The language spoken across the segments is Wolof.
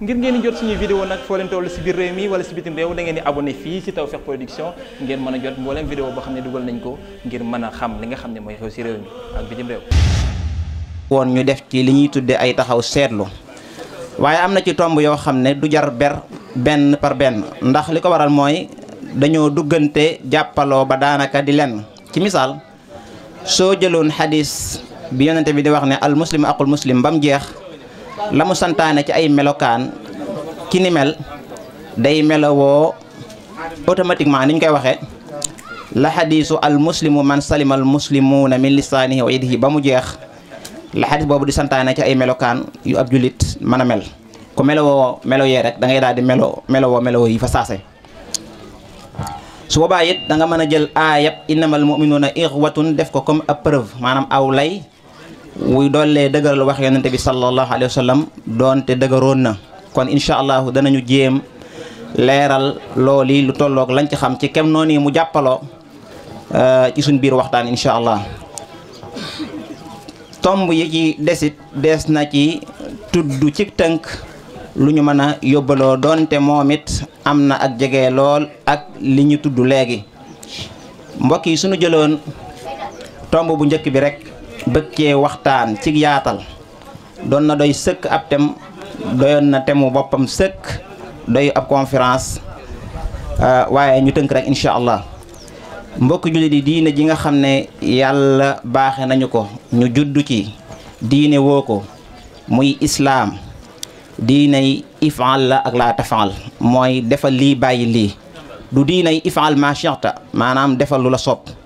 ngir ngeen di jot suñuy vidéo nag foo leen toll si biir réew mi wala si bitim réew da ngeen di abonné fii si Tawfekh Production ngeen mën a jot mbooleem vidéo boo xam ne dugal nañ ko ngir mën a xam li nga xam ne mooy xew si réew mi ak bitim réew woon ñu def ci li ñuy tuddee ay taxaw seetlu waaye am na ci tomb yoo xam ne du jar ber benn par ndax li ko waral mooy dañoo duggante jàppaloo ba daanaka di lenn ci misaal soo jëloon xadis bi yonente bi di wax ne al muslim aqul muslim ba mu jeex la santaane ci ay melokaan ki ni mel day melowoo automatiquement ni ñu koy waxee la xadiisu al man salima al muslimuuna min ba mu jeex la xadiis boobu di santaane ci ay melokaan yu ab jullit mën a mel ku melowoo melo yee rek da ngay daal di melo melowoo melowoo yi fa saase su boobaa it mën a jël aayab innamal muminuuna ixwatun def ko comme ab maanaam aw lay wuy dollee dëgëral wax yonente bi sallallahu alayhi wa sallam doonte dëgëroon na kon incha allahu danañu jéem leeral lool yi lu tolloog lañ ci xam ci kem noonu mu jàppaloo euh, ci suñ biir waxtaan incha allah tomb yi ci desit dees na ci tudd ci tënk lu ñu mën a yóbbaloo doonte moom it am na ak jege lool ak li ñu tudd léegi mbokk yi suñu jëloon tomb bu njëkk bi rek bëgg cee waxtaan ci yaatal doon na doy sëkk ab tem doyoon na temu boppam sëkk doy ab conférence euh, waaye ñu tënk rek incha allah mbokk jullit yi diine ji nga xam ne yàlla baaxe nañu ko ñu juddu ci diine woo ko muy islaam diinay ifaal la ak laa tafaal mooy defal lii bàyyi lii du diinay ifaal ma maanaam defalu la sopp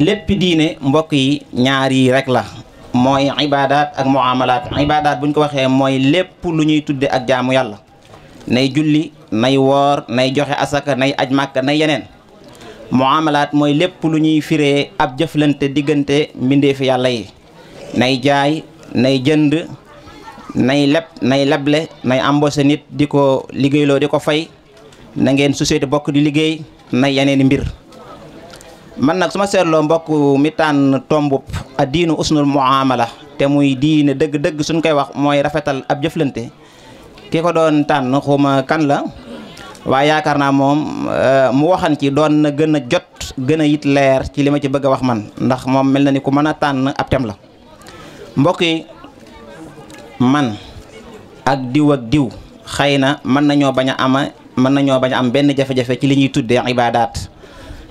lépp diine mbokk yi ñaar yi rek la mooy ibaadaat ak muamalaat ibaadaat bu ñu ko waxee mooy lépp lu ñuy tudde ak jaamu yàlla nay julli nay woor nay joxe asaka nay aj màkka nay yeneen muamalaat mooy lépp lu ñuy firee ab jëflante diggante mbindeefi yàlla yi nay jaay nay jënd nay leb nay leble nay embauché nit di ko liggéeyloo di ko fay na ngeen société bokk di liggéey nay yeneeni mbir man nag su ma seetloo mbokk mi tànn tombub a diinu usnul muamala te muy diine dëgg-dëgg suñ koy wax mooy rafetal ab jëflante ki ko doon tànn xuma kan la waaye yaakaar naa moom euh, mu waxan ci doon na gën a jot gën a yit leer ci li ma ci bëgg a wax man ndax moom mel na ni ku mën a tànn ab tem la mbokk yi man ak diw ak diw xëy na mën nañoo bañ a ama mën nañoo bañ a am benn jafe-jafe ci li ñuy tuddee ibaadaat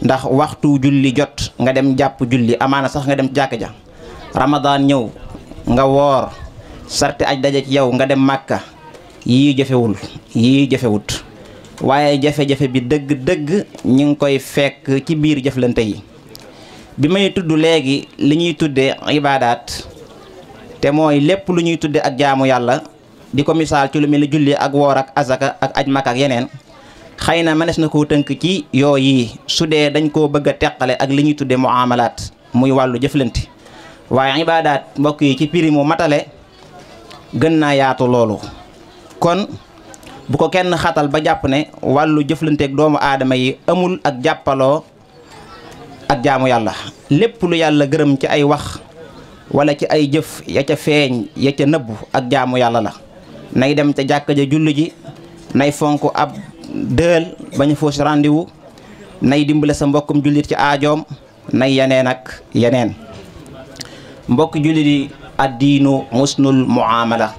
ndax waxtu julli jot nga dem jàpp julli amaana sax nga dem jàkk ja ramadaan ñëw nga woor sarte aj daje ci yow nga dem màkka yii jafewul yii jafewut waaye jafe-jafe bi dëgg-dëgg ñi ngi koy fekk ci biir jëflante yi bi may tudd léegi li ñuy tuddee ibaadaat te mooy lépp lu ñuy tuddee ak jaamu yàlla di ko misaal ci lu mel ni julli ak woor ak azaka ak aj makka ak yeneen xëy na mënees na koo tënk ci yoo yi su dee dañ koo bëgg a teqale ak li ñuy tuddee muamalaat muy wàllu jëflante waaye ibaadaat mbokk yi ci prix mu matale gën naa yaatu loolu kon bu ko kenn xatal ba jàpp ne wàllu jëflanteek doomu aadama yi amul ak jàppaloo ak jaamu yàlla lépp lu yàlla gërëm ci ay wax wala ci ay jëf ya ca feeñ ya ca nëbbu ak jaamu yàlla la nay dem ca jàkka ja julli nay fonk ab dëël bañ a fausse rendez nay dimbale sa mbokkum jullit ci aajoom nay yeneen ak yeneen mbokk jullit yi addiinu musnul muamala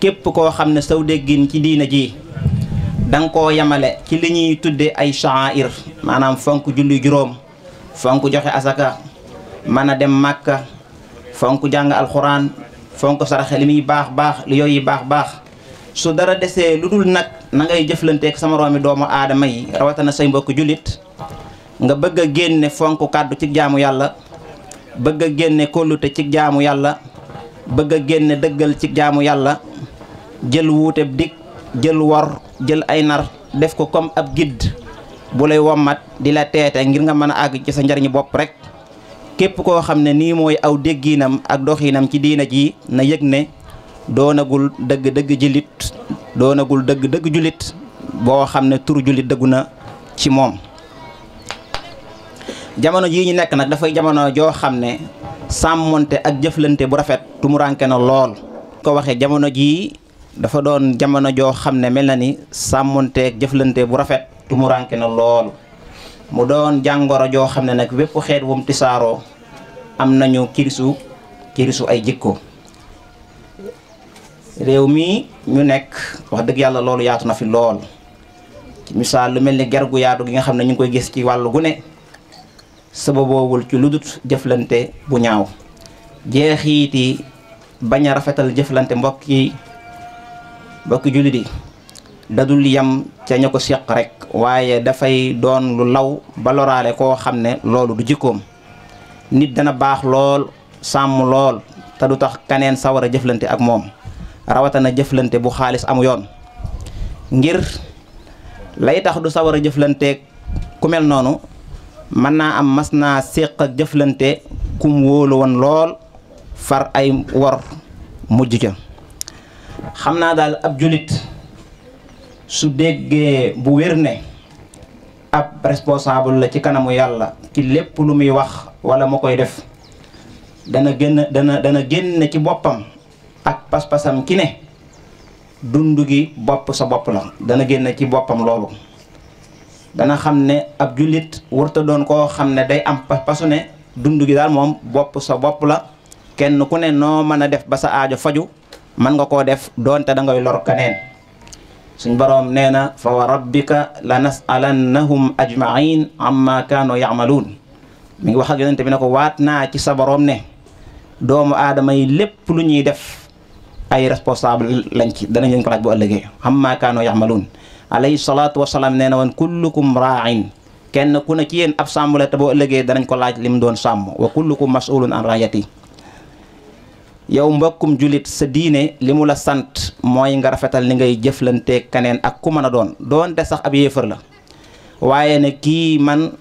képp koo xam ne saw ci diina ji dang koo yemale ci li ñuy tudde ay sha'air maanaam fonk julli juróom fonk joxe asaka mën a dem màkka fonk jàng alxuraan fonk saraxe li baax baax li yooyu baax baax su dara desee lu dul nag na jëflanteek sama moroomi doomu aadama yi rawatina say mbokk jullit nga bëgg a génne fonk kàddu ci jaamu yàlla bëgg a génne kóllute ci jaamu yàlla bëgg a génne dëggal ci jaamu yàlla jël wuuteb dig jël wor jël ay nar def ko comme ab gidd bu lay wommat di la teete ngir nga mën a àgg ci sa njariñu bopp rek képp koo xam ne nii mooy aw déggiinam ak doxiinam ci diina ji na yëg ne doonagul dëgg dëgg jullit doonagul dëgg dëgg jullit boo xam ne tur jullit dëggu na ci moom jamono jii ñu nekk nag dafay jamono joo xam ne sàmmonte ak jëflante bu rafet tumuranke na lool ko waxee jamono jii dafa doon jamono joo xam ne mel na ni sàmmonte jëflante bu rafet tumuranke na lool mu doon jàngoro joo xam ne nag bépp xeet wum tisaaroo am nañu kirisu kirisu ay jikko réew mii ñu nekk wax dëgg yàlla loolu yaatu na fi lool ci misaal lu mel ni gergu yaatu gi nga xam ne ñu ngi koy gis ci wàllu gu ne sababoowul ci lu jëflante bu ñaaw jeexiiti bañ a rafetal jëflante mbokk yi mbokki jullit yi dadul yam ca ña ko seq rek waaye dafay doon lu law ba loraale koo xam ne loolu du jikkoom nit dana baax lool sàmm lool te du tax kaneen sawar a jëflante ak moom rawatana jëflante bu xaalis amu yoon ngir lay tax du sawar a jëflanteeg ku mel noonu mën naa am mas naa séq ak jëflante kum wóolu lool far ay wor mujj ca xam naa daal ab julit su déggee bu wér ne ab responsable la ci kanamu yàlla ci lépp lu muy wax wala mu koy def dana génn dana dana génn ci boppam ak pas-pasam ki ne dund gi bopp sa bopp la dana génn ci boppam loolu dana xam ne ak jullit warta doon koo xam ne day am pas-pasu ne dund gi daal moom bopp sa bopp la kenn ku ne noo mën a def ba sa aajo faju mën nga koo def doonte da ngay lor keneen suñ boroom nee na fa wa rabbika la nasalannahum ajmain amma kaanu yamaluun mi ngi wax ak yonente bi ne ko waat naa ci sa boroom ne doomu aadama yi lépp lu ñuy def ay responsable lañ ci danañ leen ko laaj bu ëllëgee xam maa kaanoo yaxmaluun alayhi salaatu wasalaam nee na woon kullukum raain kenn ku ne ci yéen ab sàmm la te boo ëllëgee danañ ko laaj li mu doon sàmm wa kullukum masulun an raayati yow mbokkum julit sa diine li mu la sant mooy nga rafetal ni ngay jëflante keneen ak ku mën a doon doon doonte sax ab yéefar la waaye ne kii man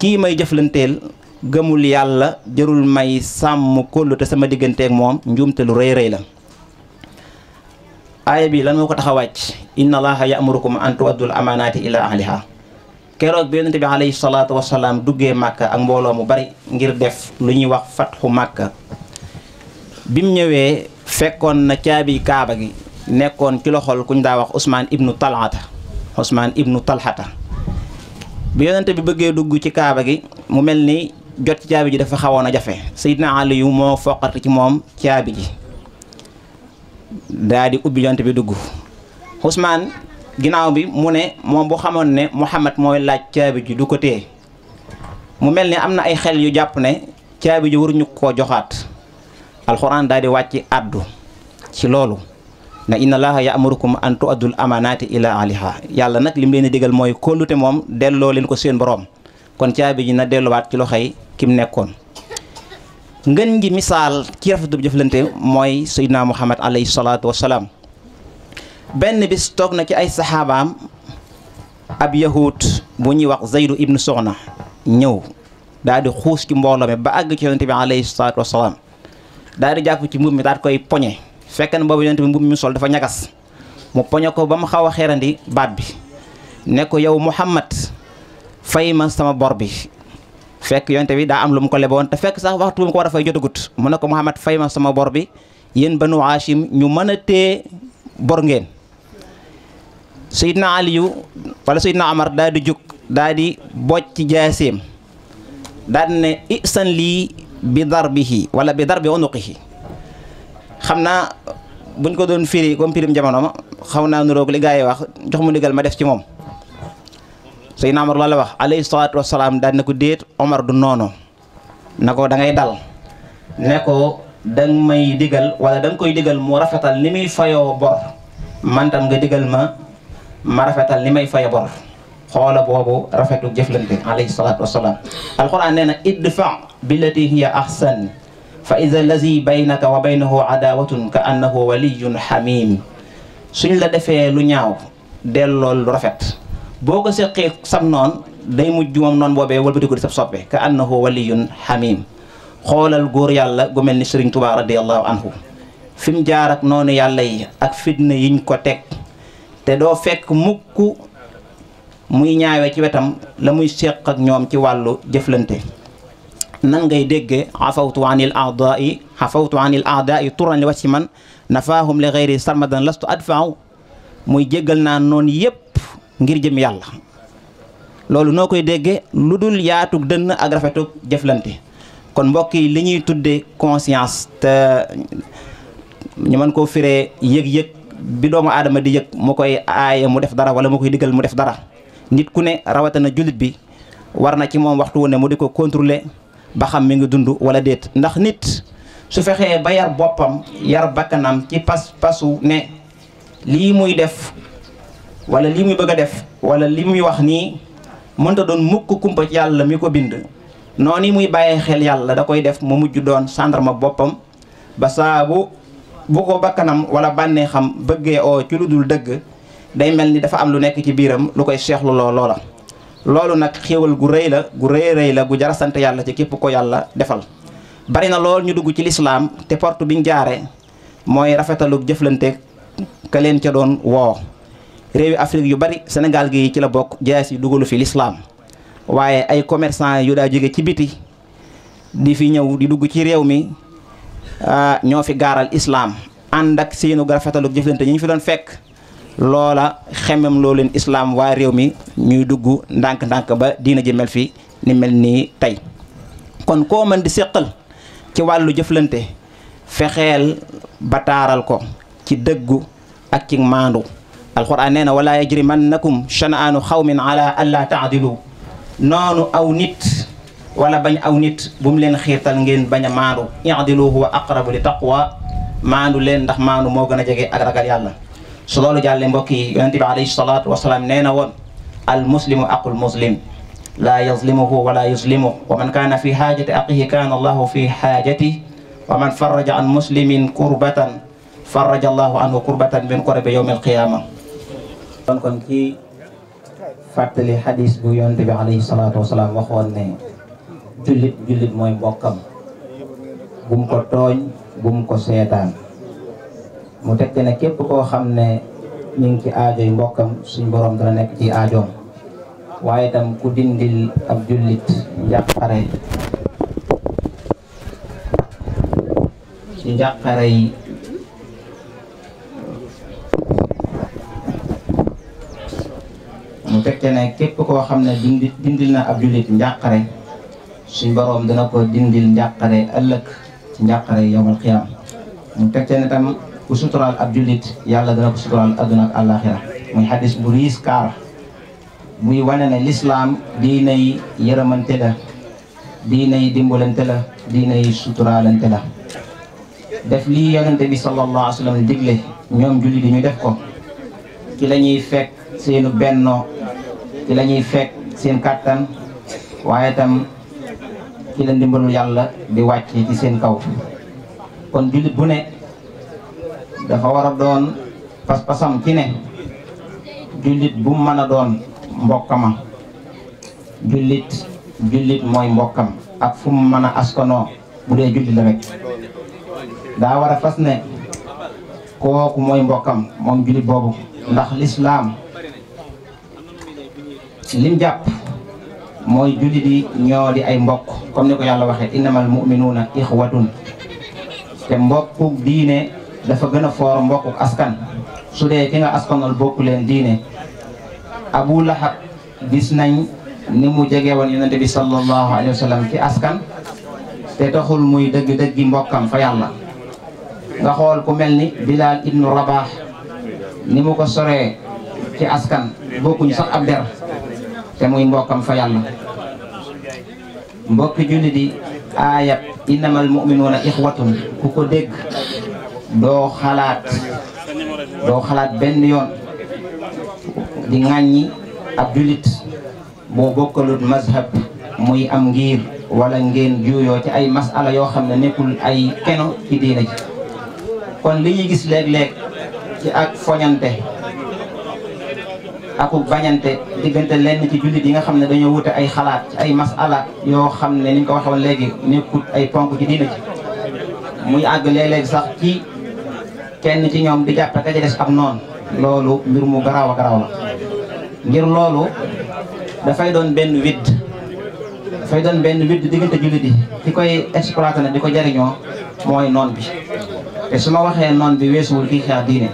kii may jëflanteel gëmul yàlla jërul may sàmm kóllute sama digganteeg moom njuumte lu rëy rëy la aaya bi lan moo ko tax a wàcc inna allaha ya'murukum an tu'addul amaanaati ilaa ahliha keroog bi yonente bi alayhi salaatu wasalaam duggee màkka ak mbooloo mu bari ngir def lu ñuy wax fatxu màkka mu ñëwee fekkoon na caabi kaaba gi nekkoon ci loxol kuñ daa wax Ousmane ibnu Talhata usmaan ibnu Talhata bi yonente bi bëggee dugg ci kaaba gi mu mel ni jot caabi ji dafa xawoon a jafe Seydina Aliyu moo foqati ci moom caabi ji daa di ubbi jant bi dugg Ousmane ginnaaw bi mu ne moom bu xamoon ne Muhammad mooy laaj caabi ji du ko téye mu mel ni am na ay xel yu jàpp ne caabi ji waruñu koo joxaat alxuraan daal di wàcc addu ci loolu na inna allaha ya'murukum antu tu'addul amanati ila ahliha yàlla nag lim leen di digal mooy kóllute moom delloo leen ko seen boroom kon caabi ji na delluwaat ci loxo loxoy kim nekkoon ngën ji misaal ci rafetu jëflante mooy sayyidina muhammad alayhi salaatu salaam benn bis toog na ci ay saxaabaam ab yahut bu ñuy wax zaydu ibnu soxna ñëw daal di xuus ci mbooloo mi ba àgg ci yonente bi alayhi salaatu wasalaam daal di jàpp ci mbub mi daal koy poñe fekk na boobu yonente bi mbub mi sol dafa ñagas mu poñe ko ba mu xaw a xeerandi baat bi ne yow muhammad fay ma sama bor bi fekk yonte bi daa am lu mu ko leboon te fekk sax waxtu mu ko war a fay jotagut mu ne ko Muhammad fay ma sama bor bi yéen banu Hachim ñu mën a téye bor ngeen Seydina Aliyu wala Seydina Amar daal di jug daal di boj ci jaaseem daal di ne ihsan lii bi darbihi wala bi darbi unuqihi xam naa buñ ko doon firi comme firim jamono ma xaw naa nuroog li gaa yi wax njox mu ndigal ma def ci moom su Omar la wax alayhi salaatu wasalaam daan ne ko déet Omar du noonu na ko da ngay dal ne ko da may digal wala da koy digal mu rafetal ni muy fayo bor man tam nga digal ma ma rafetal ni may fayo bor xoola boobu rafetu jëflante alayhi salaatu wasalaam alquran nee na idfa billati hiya ahsan fa ida allazi baynaka wa baynahu adawatun ka annahu waliyun xamim suñ la defee lu ñaaw dellool lu rafet boo ko seqee sam noon day mujj moom noon boobee walbati ko di sab soppe ka annahu waliyun xamim xoolal góor yàlla gu mel ni Sëriñ Tuubaa radiallahu anhu fi mu jaar noonu yàlla yi ak fitna yiñ ko teg te doo fekk mukk muy ñaawee ci wetam la muy seq ak ñoom ci wàllu jëflante nan ngay dégge xafawtu anil aadai xafawtu anil aadai turan li wacci man nafaahum li xeyri sarmadan lastu adfaaw muy jéggal naa noonu yépp ngir jëm yàlla loolu noo koy déggee lu dul yaatu dënn ak jëflante kon mbokk yi li ñuy tuddee conscience te ñu mën koo firee yëg-yëg bi doomu aadama di yëg mu koy aaye mu def dara wala mu koy diggal mu def dara nit ku ne rawatina jullit bi war na ci moom waxtu wu ne mu di ko contrôler ba xam mi ngi dund wala déet ndax nit su fexee ba yar boppam yar bakkanam ci pas pasu ne lii muy def wala lii muy bëgg a def wala li muy wax nii mënta doon mukk kumpa yàlla mi ko bind noonu muy bàyyee xel yàlla da koy def mu mujj doon sàndarma boppam ba saabu bu ko bakkanam wala bànneexam bëggee oo ci lu dul dëgg day mel ni dafa am lu nekk ci biiram lu koy seexlu loo loola loolu nag xéewal gu rëy la gu rëy rëy la gu jara sant yàlla ci képp ko yàlla defal bari na lool ñu dugg ci lislaam te porte biñ jaare mooy rafetalu jëflante ka leen ca doon woo réewi Afrique yu bari Sénégal gi ci la bokk jaas yi dugalu fi lislaam waaye ay commerçant yu daa jóge ci biti di fi ñëw di dugg ci réew mi ah, ñoo fi gaaral islaam ànd ak seenu rafetalu jëflante ñi ñu fi doon fekk loola xemem loo leen islaam waa réew mi ñuy dugg ndànk-ndànk ba diina ji mel fi ni mel nii tey kon koo mën di séqal ci wàllu jëflante fexeel bataaral ko ci dëggu ak ci maandu alquran nee na wala yajrimannakum shanaanu xawmin ala alla taadilu noonu aw nit wala bañ aw nit bu mu leen xiirtal ngeen bañ a maandu idilu huwa aqrabu li taqwa maandu leen ndax maandu moo gën a jege ak ragal yàlla su loolu jàllee mbokk yi yonent bi alayhi salaatu wasalaam nee na woon al muslimu aqul muslim laa yazlimuhu wala yuzlimu wa man kaana fi haajati aqihi kaana allahu fi haajati wa man faraja an muslimin kurbatan faraja allahu anhu kurbatan min kurabi yowmi alqiyama kon kon ci fàttali xadis bu yonte bi alayhi salaatu wasalaam waxoon ne jullit jullit mooy mbokkam bum ko tooñ bum ko seetaan mu tekk ne képp koo xam ne ñu ngi ci aajoy mbokkam suñ boroom dana nekk ci aajoom waaye itam ku dindil ab jullit njàqare yi fekkee ne képp koo xam ne dindi dindil na ab jullit njàqare su boroom dina ko dindil njàqare ëllëg ci njàqare yowmal xiyaam mu fekkee ne tam ku suturaal ab jullit yàlla dina ko suturaal adduna ak àllaaxira muy xadis bu riis kaar muy wane ne lislaam diinay yërëmante la diinay dimbalante la diinay suturaalante la def lii yonente bi sallallahu alayhi wa digle ñoom julli di ñu def ko ci la ñuy fekk seenu bennoo ci la ñuy fekk seen kàttan waaye tam ci la ndimbalul yàlla di wàcc ci seen kaw kon jullit bu ne dafa war a doon pas-pasam ci ne jullit bu mën a doon mbokkama jullit jullit mooy mbokkam ak fu mu mën a askanoo bu dee jullit la rek daa war a fas ne kooku mooy mbokkam moom jullit boobu ndax lislaam lim jàpp mooy jullit yi ñoo di ay mbokk comme ni ko yàlla waxee innamal mu'minuuna ixwatun te mbokku diine dafa gën a foor mbokku askan su dee ki nga askanal bokku leen diine abu lahab gis ni mu jege woon yonente bi sallallahu alayhi wa ci askan te taxul muy dëgg-dëggi mbokkam fa yàlla nga xool ku mel ni bilaal ibnu rabaax ni mu ko soree ci askan bokkuñ sax ab der te muy mbokkam fa yàlla mbokki julli di aayab innamal mu'minuuna ixwatun ku ko dégg doo xalaat doo xalaat benn yoon di ŋàññi ab jullit boo bokkalut mazhab muy am ngir wala ngeen juuyoo ci ay masala yoo xam ne nekkul ay keno ci diina ji kon li ñuy gis léeg ci ak foñante aku bañante diggante lenn ci jullit yi nga xam ne dañoo wute ay xalaat ci ay alaat yoo xam ne ni ko waxee léegi ay ponk ci diina àgg léeg-léeg sax ci kenn ci ñoom di jàppe ka ca des ab noonu loolu mbir mu garaaw a garaaw la loolu dafay doon benn widd dafay benn widd diggante jullit koy exploité na di ko jariñoo mooy noon bi te su ma waxee noon bi weesuwul kii xeex diine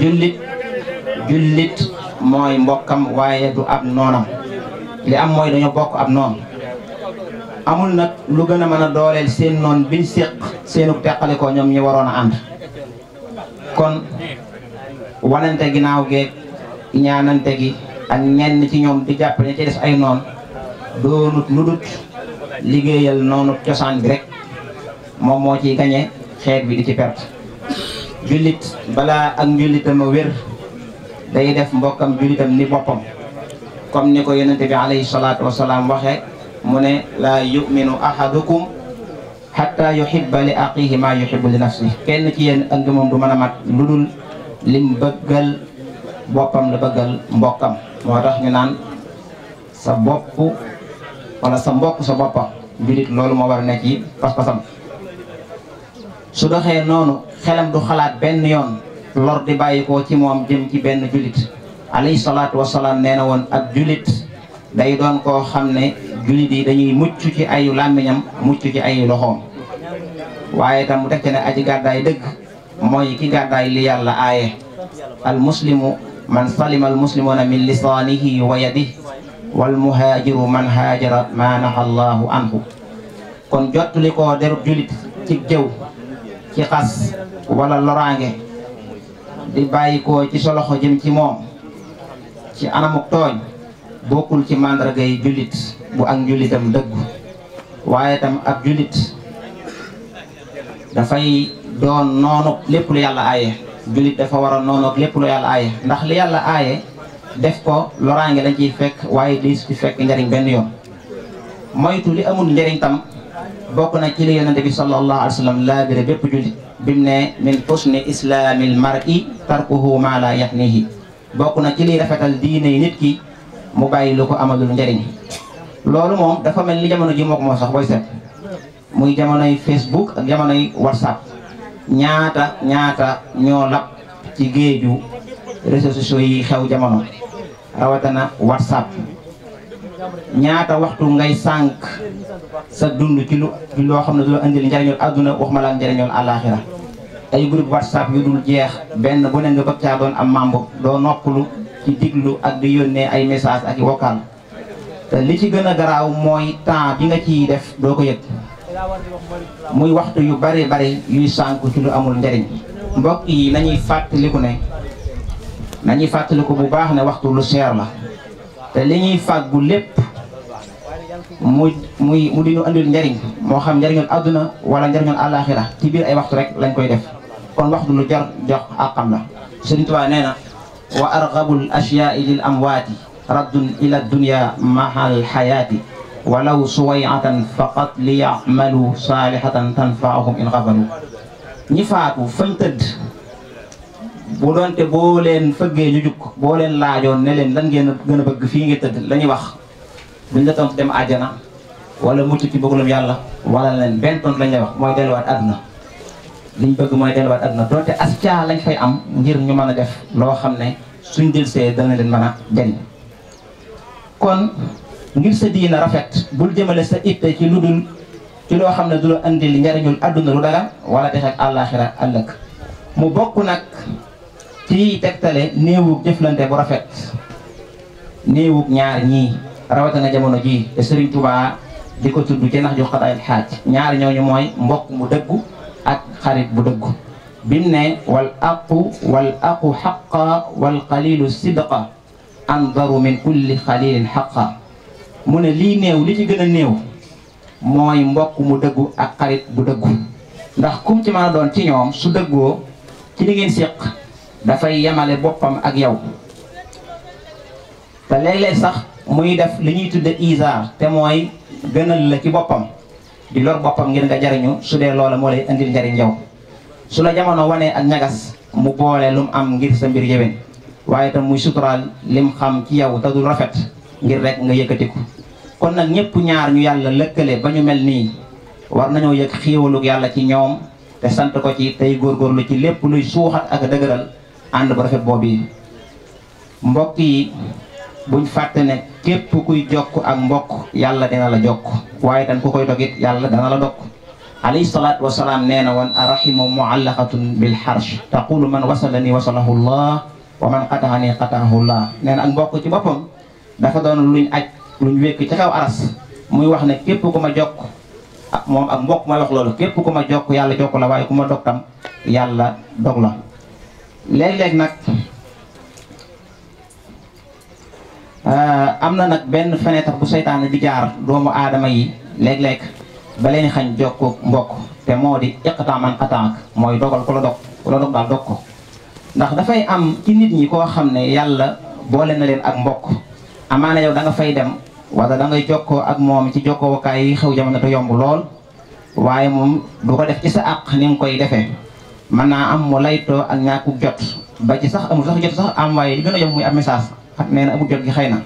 jullit jullit mooy mbokkam waaye du ab noonam li am mooy dañu bokk ab noon amul nag lu gën a mën a dooleel seen noon biñ séq seenu teqale ñoom ñi waroon a ànd kon wanante ginnaaw geeg ñaanante gi ak ñenn ci ñoom di jàpp ne ci des ay noon doonut lu liggéeyal noonu cosaan bi rek moom moo ci gañe xeet bi di ci perte jullit balaa ak njullitam a wér day def mbokkam jullitam ni boppam comme ni ko yonent bi alayhi salaatu wasalaam waxe mu ne laa yuminu ahadukum hatta yuhibba li aqihi ma yuhibbu li nafsi kenn ci yéen ak ngëmam du mën a mat lu dul lim bëggal boppam la bëggal mbokkam moo tax ñu naan sa bopp wala sa mbokk sa boppa jullit loolu moo war a nekk yi pas-pasam su noonu xelam du xalaat benn yoon lor di bàyyikoo ci moom jëm ci benn julit alayhi salaatu wasalaam nee na woon ak julit day doon koo xam ne julit yi dañuy mucc ci ayu làmmiñam mucc ci ayu loxoom waaye itam mu tekki ne aji gàddaay dëgg mooy ki gàddaay li yàlla aaye al muslimu man salima al muslimuna min lisaanihi wa yadihi wal muhaajiru man haajara maanaha allahu kon jottali koo julit ci jëw ci xas wala loraange di bàyyikoo ci soloxo loxo jëm ci moom ci anamuk tooñ bokkul ci màndargay jullit bu ak njullitam dëggu waaye tam ak jullit dafay doon noonu lépp lu yàlla aaye jullit dafa war a lépp lu yàlla aaye ndax li yàlla aaye def ko loraange lañ ciy fekk waaye di ci fekk njariñ benn yoon moytu li amul njariñ tam bokk na ci li yonente bi sallallahu alayhi wa sallam laabire bépp jullit bim ne min husni islaamil mar'i tarkuhu maa laa yahnihi bokk na ci lii rafetal diine nit ki mu bàyyi lu ko amalul njariñ loolu moom dafa mel ni jamono ji moo ko moo sax booy seet muy jamonoy Facebook ak jamonoy WhatsApp ñaata ñaata ñoo lab ci géeju réseaux sociaux yi xew jamono rawatina WhatsApp ñaata waxtu ngay sànq sa dund ci lu loo xam ne du la indil njariñul àdduna waxuma la njariñul àllaaxira ay groupe whatsapp yu dul jeex benn bu ne nga bëgg doon am membre doo noppalu ci diglu ak di yónnee ay message ak yi vocal te li ci gën a garaaw mooy temps bi nga ciy def doo ko yëg muy waxtu yu bari bari yuy sànku ci lu amul njariñ mbokk yi nañuy fàttaliku ne nañuy fàttaliku bu baax ne waxtu lu seer la te li ñuy fàggu lépp muy mu di ñu njariñ moo xam njariñul àdduna wala njariñul àllaaxira ci biir ay waxtu rek lañ koy def kon wax du lu jar jox àqam la Sëriñ Tuubaa nee na wa argabul ashyaai lil amwaati raddun ila dunya mahal xayaati walaw suwayatan faqat li yamalu tanfaahum in xabalu ñi faatu fañ tëdd bu doonte boo leen fëggee ñu jukk boo leen laajoon ne leen lan ngeen gën a bëgg fii nga tëdd la ñuy wax duñ la tontu dem àjjana wala mucc ci bëggalum yàlla wala leen benn tontu lañ lay wax mooy delluwaat àdduna liñ bëgg mooy delluwaat àdduna donte as caa lañ fay am ngir ñu mën a def loo xam ne suñ dilsee dana leen mën a jariñ kon ngir sa diina rafet bul jëmale sa itte ci lu dul ci loo xam ne du la andil njariñul àdduna lu dara wala texe ak àllaaxira ëllëg mu bokk nag ci tegtale néewug jëflante bu rafet néewug ñaar ñii rawatina jamono jii te ko tudd ci nax ñaar ñooñu mooy mbokk mu dëggu ak xarit bu dëggu bim ne wal aqu wal aqu xaqa wal qalilu sidqa andaru min kulli xalilin xaqa mu ne lii néew li ci gën a néew mooy mbokk mu dëggu ak xarit bu dëggu ndax kum ci mën doon ci ñoom su dëggoo ci li ngeen séq dafay yemale boppam ak yow te léeg-léeg sax muy def li ñuy tudd isaar te mooy gënal la ci boppam di lor boppam ngir nga jariñu su dee loola moo lay indil njariñ yow su la jamono wanee ak ñagas mu boole lu am ngir sa mbir yéwén waaye tam muy suturaal lim xam ci yow te du rafet ngir rek nga yëkkatiku kon nag ñëpp ñaar ñu yàlla lëkkale ba ñu mel nii war nañoo yëg xiiwalug yàlla ci ñoom te sant ko ci tey góorgóorlu ci lépp luy suuxat ak dëgëral ànd bu rafet boobu yi mbokk yi buñ fàtte ne képp kuy jokk ak mbokk yàlla dina la jokk waaye dan ku koy dogit yàlla dana la dokk alayhi salaatu wasalaam nee na woon arrahimu muallaqatun bil harsh taqulu man wasalani wasalahu llah wa man qataani qataahu llah nee na ak mbokk ci boppam dafa doon luñ aj luñ wékk ca kaw aras muy wax ne képp ku ma jokk ah, moom ak mbokk mooy wax loolu képp ku ma jokk yàlla jokk la waaye ku ma dog tam yàlla dog la léeg-léeg Euh, am na nag benn fenêtre bu seytaane di jaar doomu aadama yi léeg-léeg ba leen xañ jokku mbokk te moo di iqta man qataak mooy dogal ku la dog ku dog daal dog ko ndax dafay am ci nit ñi koo xam ne yàlla boole na leen ak mbokk amaana yow da nga fay dem wala da ngay jokkoo ak moom ci jokkookaay yi xew jamono te yomb lool waaye moom du ko def ci sa àq ni nga koy defee mën naa am laytoo ak ñàkku jot ba ci sax amul sax jot sax am waaye li gën a yomb muy ab message ak nee na amul jot gi xay na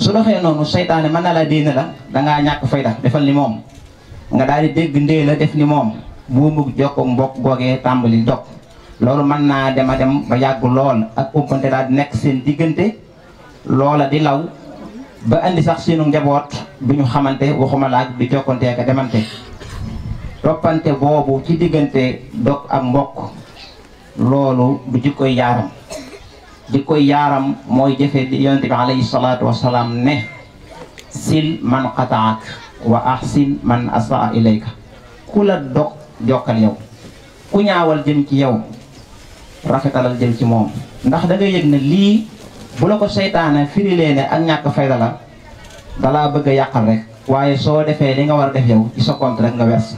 su doxee noonu seytaane mën na la diine la dangaa ñàkk fayda defal ni moom nga daal di dégg ndee la def ni moom buumug jokko mbokk googee tàmbali dog loolu mën naa dem a dem ba yàgg lool ak umpante daal nekk seen diggante loola di law ba indi sax seenu njaboot bu ñu xamante waxuma laak di jokkante demante toppante boobu ci diggante dog ak mbokk loolu du jikkoy yaaram di koy yaaram mooy jëfe di yonente bi alayhi salaatu wasalaam ne sil man qataak wa ahsin man asaa ilayka ku la dog jokkal yow ku ñaawal jëm ci yow rafetalal jëm ci moom ndax da nga yëg ne lii bu la ko seytaane firilee ne ak ñàkk fayda la dalaa bëgg a yàqal rek waaye soo defee li nga war a def yow ci sa rek nga wers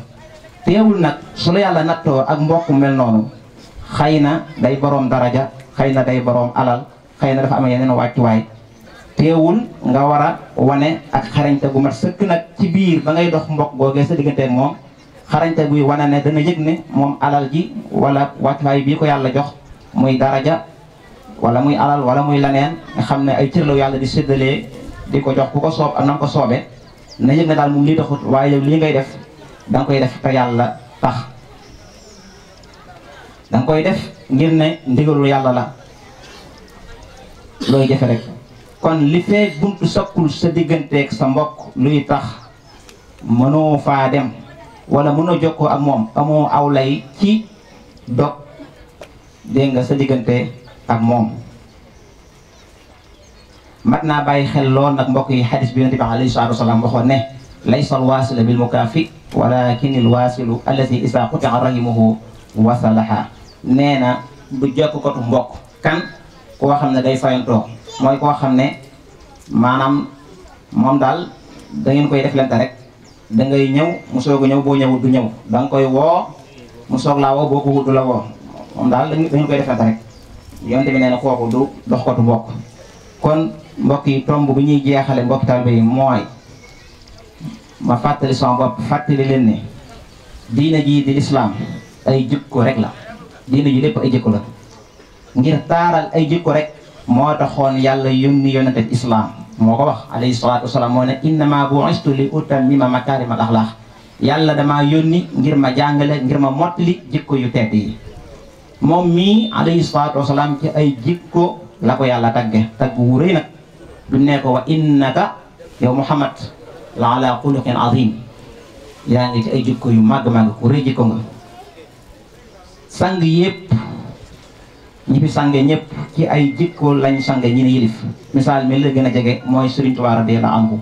teewul nag su la yàlla nattoo ak mbokk mel noonu xëy na day boroom daraja xëy na day boroom alal xëy na dafa am yeneen wàccuwaay teewul nga war a wane ak xarañte gu mat sëkk nag ci biir ba ngay dox mbokk googee sa digganteeg moom xarañte guy wane ne dana yëg ne moom alal ji wala wàccuwaay bi ko yàlla jox muy daraja wala muy alal wala muy laneen nga xam ne ay cër la yàlla di séddalee di ko jox ku ko soob a na ko soobee na yëg ne daal moom lii taxut waaye yow lii ngay def da koy def te yàlla tax danga koy def ngir ne ndigalul yàlla la looy jëfe rek kon li fee buntu sokkul sa digganteek sa mbokk luy tax mënoo faa dem wala mënoo jokkoo ak moom amoo aw lay ci dog dégg nga sa diggante ak moom mat naa bàyyi xel lool nag mbokk yi xadis bi yonent bi alayhi salaatu wasalaam waxoon ne laysa alwaasila bil mukaafi walakin alwaasilu allati isa qutia rahimuhu wasalaha nee na du jokk kotu mbokk kan koo xam ne day fayantoo mooy koo xam ne maanaam moom daal da ngeen koy deflante rek dangay ñëw mu soog ñëw boo ñëwut du ñëw da koy woo mu soog laa woo boo ko wut du la woo moom daal dañu koy deflante rek yonte bi nee na du dox kotu mbokk kon mbokk yi tomb bu ñuy jeexale mbokk talibé yi mooy ma fàttali sama bopp fàttali leen ne diina jii di lislaam ay jikko rek la diine ji lépp ay jikko la ngir taaral ay jikko rek moo taxoon yàlla yónni yonent ak islaam moo ko wax alayhi salaatu wasalaam moo ne innama bu'istu li utammima makaarimal axlaaq yàlla dama yónni ngir ma jàngale ngir ma mottali jikko yu tedd yi moom mii alayhi salaatu wasalaam ci ay jikko la yàlla tagge tagg wu rëy nag du ne ko wa innaka yow muhammad la ala xuluqin yaa ngi ci ay jikko yu màgg-màgg ku jikko nga sang yëpp ñi fi sange ñëpp ci ay jikko lañu sange ñi yilif misaal mi la gën a jege mooy Sëriñ Tuubaa radiyallaahu anhu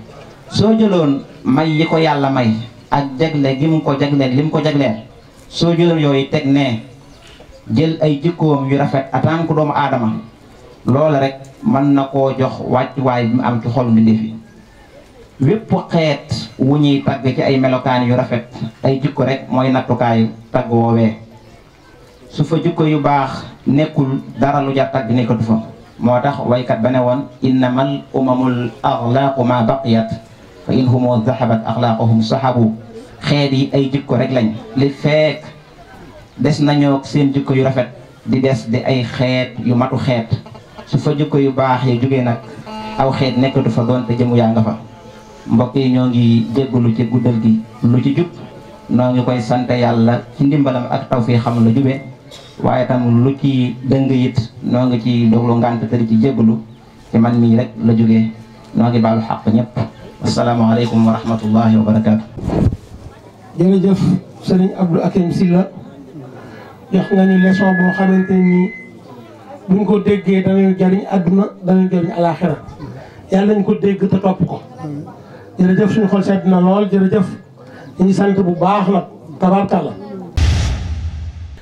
soo jëloon may yi ko yàlla may ak jagle gi mu ko jagleel li mu ko jagleel soo jëloon yooyu teg ne jël ay jikkoom yu rafet ataan ko doomu aadama loole rek mën na koo jox wàccuwaay bi mu am ci xol mbindéef yi wépp xeet wu ñuy tagg ci ay melokaan yu rafet ay jikko rek mooy nattukaayu tagg woowee su fa jukko yu baax nekkul dara lu jar tagg nekkatu fa moo tax waykat ba ne woon innamal umamul axlaaqu ma baqiyat fa in humu zahabat axlaaquhum sahabu xeet yi ay jikko rek lañ li fekk des nañoo seen jikko yu rafet di des di ay xeet yu matu xeet su fa jikko yu baax yi jógee nag aw xeet nekkatu fa doonte jëmu yaa nga fa mbokk yi ñoo ngi jéggalu ci guddal gi lu ci jub noo ngi koy sant yàlla ci ndimbalam ak taw fi xam la jube waaye tam lu ci dëng it noo ngi ci doglu ngànt tëri ci jébbalu ci man mii rek la jógee noo ngi baalu xàq ñëpp asalaamaaleykum wa rahmatullahi wa barakaatu jërëjëf sëriñ Abdou Akim Sylla jox nga ko déggee danañu jariñ àdduna danañu jariñ alaaxira ko dégg te topp ko jërëjëf suñu xol sedd na lool jërëjëf ñu sant bu baax nag tabarkàlla